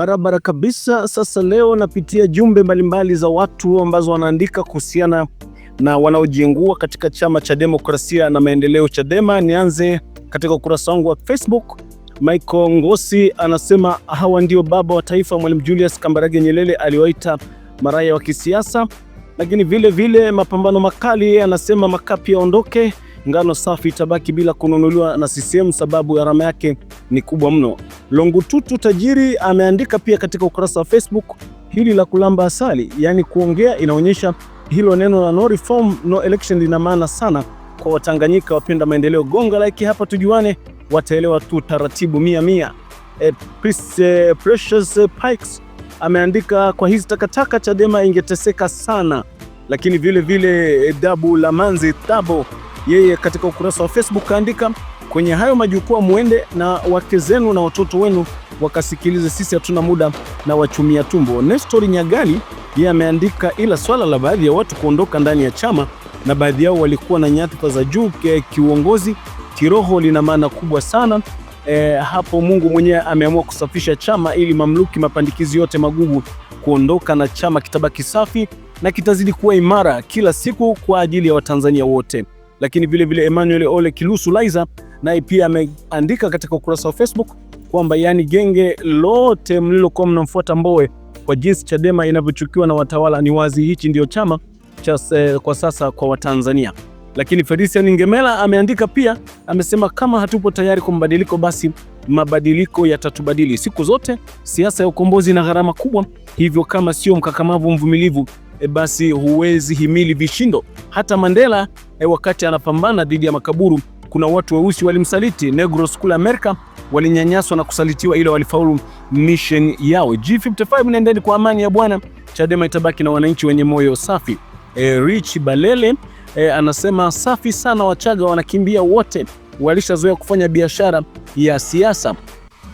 barabara kabisa. Sasa leo napitia jumbe mbalimbali za watu ambazo wanaandika kuhusiana na wanaojiengua katika chama cha demokrasia na maendeleo Chadema. Nianze katika ukurasa wangu wa Facebook. Michael Ngosi anasema hawa ndio baba wa taifa Mwalimu Julius Kambarage Nyerere aliwaita maraya wa kisiasa. Lakini vile vile mapambano makali, anasema Makapi aondoke ngano safi itabaki bila kununuliwa na CCM sababu gharama yake ni kubwa mno. Longututu tajiri ameandika pia katika ukurasa wa Facebook hili la kulamba asali, yaani kuongea, inaonyesha hilo neno la no reform no election lina maana sana kwa Watanganyika wapenda maendeleo. Gonga like hapa tujuane, wataelewa tu taratibu mia mia. E, eh, Prince eh, Precious eh, Pikes ameandika kwa hizi takataka Chadema ingeteseka sana, lakini vile vile dabu la manzi tabo yeye katika ukurasa wa Facebook kaandika, kwenye hayo majukwaa muende na wake zenu na watoto wenu wakasikilize, sisi hatuna muda na wachumia tumbo. Nestori Nyagali yeye ameandika, ila swala la baadhi ya watu kuondoka ndani ya chama na baadhi yao walikuwa na nyadhifa za juu kiuongozi kiroho lina maana kubwa sana. E, hapo Mungu mwenyewe ameamua kusafisha chama ili mamluki, mapandikizi yote magugu kuondoka na chama kitabaki safi na kitazidi kuwa imara kila siku kwa ajili ya Watanzania wote. Lakini vile vile Emmanuel Ole Kilusu Laizer naye pia ameandika katika ukurasa wa Facebook kwamba yani genge lote mlilokuwa mnamfuata Mbowe kwa jinsi Chadema inavyochukiwa na watawala, ni wazi hichi ndio chama cha kwa sasa kwa Watanzania. Lakini Felician Ngemela ameandika pia, amesema kama hatupo tayari kwa mabadiliko, basi mabadiliko yatatubadili siku zote. Siasa ya ukombozi ina gharama kubwa, hivyo kama sio mkakamavu, mvumilivu e, basi huwezi himili vishindo. Hata Mandela e, wakati anapambana dhidi ya makaburu, kuna watu weusi walimsaliti. Negros kule Amerika walinyanyaswa na kusalitiwa, ila walifaulu mission yao. G55, naendeni kwa amani ya Bwana. Chadema itabaki na wananchi wenye moyo safi. E, Rich Balele e, anasema safi sana, Wachaga wanakimbia wote, walishazoea kufanya biashara ya siasa.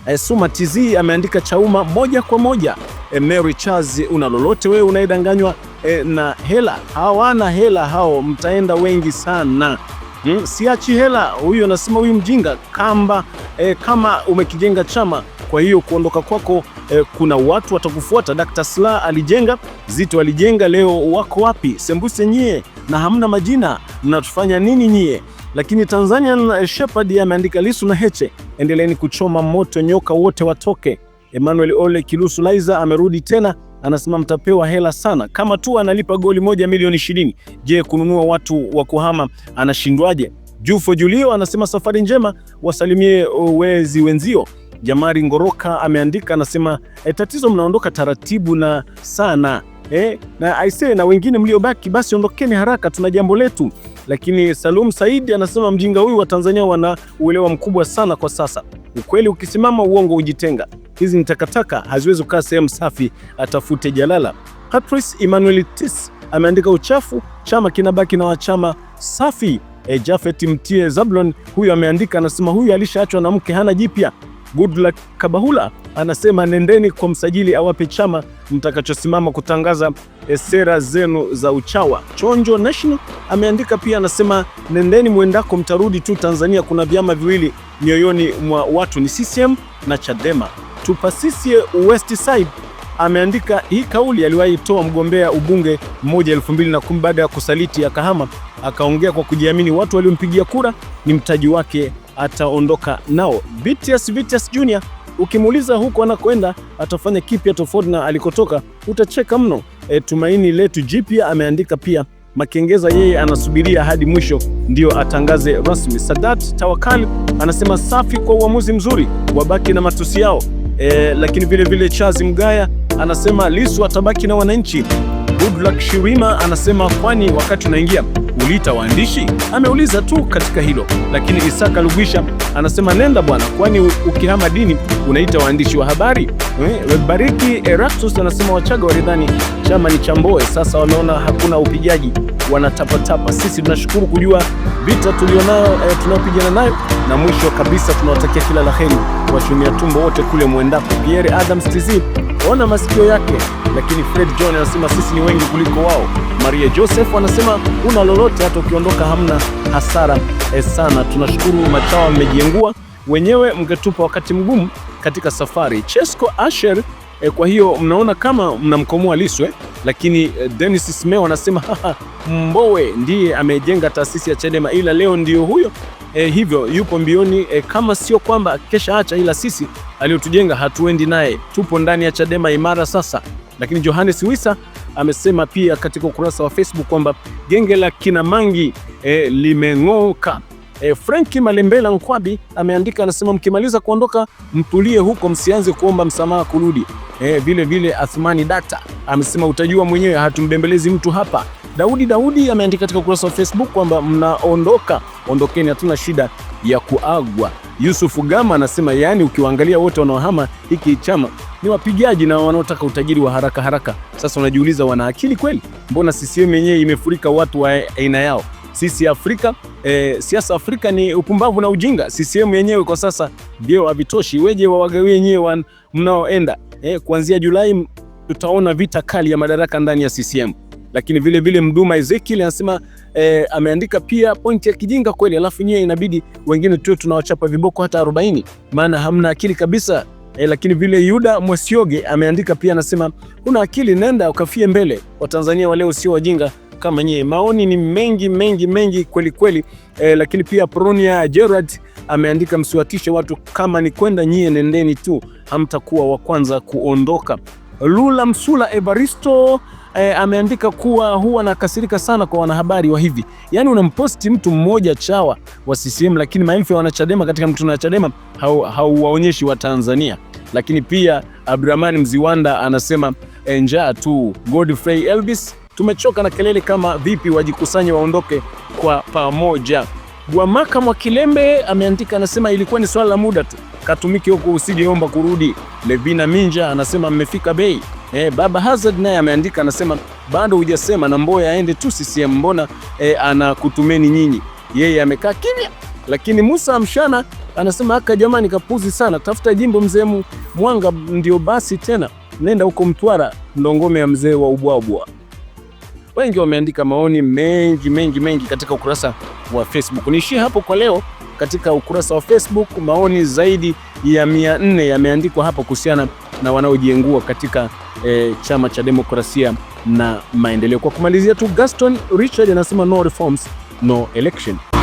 E, Suma TZ ameandika chauma moja kwa moja. E, Mary Charles, una lolote wewe unaidanganywa? e, na hela, hawana hela hao, mtaenda wengi sana. Hmm? Siachi hela huyu anasema huyu mjinga kamba e, kama umekijenga chama kwa hiyo kuondoka kwako e, kuna watu watakufuata. Dr. Sla alijenga, Zito alijenga, leo wako wapi? Sembuse nyie na hamna majina, mnatufanya nini nyie? Lakini Tanzanian Shepherd ameandika Lisu na Heche, endeleeni kuchoma moto, nyoka wote watoke. Emmanuel Ole Kilusu Laiza amerudi tena anasema mtapewa hela sana, kama tu analipa goli moja milioni ishirini. Je, kununua watu wa kuhama anashindwaje? Jufo Julio anasema safari njema, wasalimie wezi wenzio. Jamari Ngoroka ameandika anasema e, tatizo mnaondoka taratibu na sana e, na aisee, na wengine mliobaki basi ondokeni haraka, tuna jambo letu. Lakini Salum Saidi anasema mjinga huyu wa Tanzania wana uelewa mkubwa sana kwa sasa, ukweli ukisimama uongo ujitenga hizi ni takataka, haziwezi kukaa sehemu safi, atafute jalala. Patrice Emmanuel Tis ameandika uchafu, chama kinabaki na wachama safi. E, Jafet Mtie Zablon huyu ameandika, anasema huyu alishaachwa na mke, hana jipya. Goodluck Kabahula anasema nendeni kwa msajili awape chama mtakachosimama kutangaza e, sera zenu za uchawa. Chonjo National ameandika pia, anasema nendeni mwendako, mtarudi tu Tanzania. Kuna vyama viwili mioyoni mwa watu ni CCM na Chadema tupasisie West Side ameandika hii kauli aliwahi toa mgombea ubunge mmoja 2010 baada ya kusaliti akahama. Akaongea kwa kujiamini, watu waliompigia kura ni mtaji wake, ataondoka nao. BTS, BTS Junior, ukimuuliza huko anakoenda atafanya kipya tofauti na alikotoka, utacheka mno. E, tumaini letu jipya ameandika pia Makengeza yeye anasubiria hadi mwisho ndio atangaze rasmi. Sadat Tawakal anasema safi kwa uamuzi mzuri, wabaki na matusi yao e, lakini vile vile Charles Mgaya anasema Lissu atabaki na wananchi. Goodluck Shirima anasema kwani wakati unaingia uliita waandishi? Ameuliza tu katika hilo, lakini Isaka Lugwisha anasema nenda bwana, kwani ukihama dini unaita waandishi wa habari? Eh, Bariki Erastus anasema Wachaga walidhani chama ni chamboe sasa wameona hakuna upigaji, wanatapatapa. Sisi tunashukuru kujua vita tulionayo, eh, tunaopigana nayo. Na mwisho kabisa tunawatakia kila laheri heri wachumia tumbo wote kule mwendako Pierre Adams TZ ona masikio yake. Lakini Fred John anasema sisi ni wengi kuliko wao. Maria Joseph anasema una lolote, hata ukiondoka hamna hasara eh, sana. Tunashukuru machawa, mmejiengua wenyewe, mketupa wakati mgumu katika safari. Chesco Asher E, kwa hiyo mnaona kama mnamkomoa eh? lakini eh, Dennis Sime anasema Mbowe ndiye amejenga taasisi ya Chadema, ila leo ndio huyo e, hivyo yupo mbioni e, kama sio kwamba kesha acha, ila sisi aliyotujenga hatuendi naye, tupo ndani ya Chadema imara sasa. Lakini Johannes wisa amesema pia katika ukurasa wa Facebook kwamba genge la kina Mangi e, limeng'oka. E, eh, Frank Malembela Nkwabi ameandika anasema, mkimaliza kuondoka mtulie huko, msianze kuomba msamaha kurudi. E, vile vile Athmani Data amesema utajua mwenyewe, hatumbembelezi mtu hapa. Daudi Daudi ameandika katika ukurasa wa Facebook kwamba mnaondoka, ondokeni, hatuna shida ya kuagwa. Yusuf Gama anasema yaani, ukiwaangalia wote wanaohama hiki chama ni wapigaji na wanaotaka utajiri wa haraka haraka. Sasa unajiuliza wana akili kweli? Mbona CCM yenyewe imefurika watu wa aina yao? sisi Afrika e, siasa Afrika ni upumbavu na ujinga. CCM yenyewe kwa sasa ndio havitoshi, weje wawagawie wenyewe mnaoenda e, kuanzia Julai tutaona vita kali ya madaraka ndani ya CCM. Lakini vile vile Mduma Ezekiel anasema e, ameandika pia pointi ya kijinga kweli, alafu nyewe inabidi wengine tu tunawachapa viboko hata 40 maana hamna akili kabisa. E, lakini vile Yuda Mwesioge ameandika pia anasema, una akili, nenda ukafie mbele. Watanzania waleo sio wajinga kama nyie. Maoni ni mengi mengi mengi kweli kweli, eh, lakini pia Pronia Gerard ameandika msiwatishe watu, kama ni kwenda nyie nendeni tu, hamtakuwa wa kwanza kuondoka. Lula Msula Evaristo E, ameandika kuwa huwa nakasirika sana kwa wanahabari wa hivi, yaani unamposti mtu mmoja chawa wa CCM, lakini maelfu ya wanachadema katika mtu na Chadema hauwaonyeshi hau tanzania Lakini pia Abdurahmani Mziwanda anasema eh, njaa tu. Godfrey Elvis Tumechoka na kelele kama vipi wajikusanye waondoke kwa pamoja. Bwamaka Mwakilembe ameandika anasema, ilikuwa ni swala la muda tu, katumike huko usijeomba kurudi. Levina Minja anasema mmefika bei. E, Baba Hazard naye ameandika anasema, bado hujasema na Mboya aende tu CCM, mbona e, anakutumeni nyinyi, yeye amekaa kimya. Lakini Musa Mshana anasema aka, jamani, kapuzi sana, tafuta jimbo mzee Mwanga ndio basi tena, nenda huko Mtwara, ndo ngome ya mzee wa ubwabwa wengi wameandika maoni mengi mengi mengi katika ukurasa wa Facebook. Niishie hapo kwa leo. Katika ukurasa wa Facebook maoni zaidi ya mia nne yameandikwa hapo kuhusiana na wanaojiengua katika e, chama cha demokrasia na maendeleo. Kwa kumalizia tu, Gaston Richard anasema no reforms no election.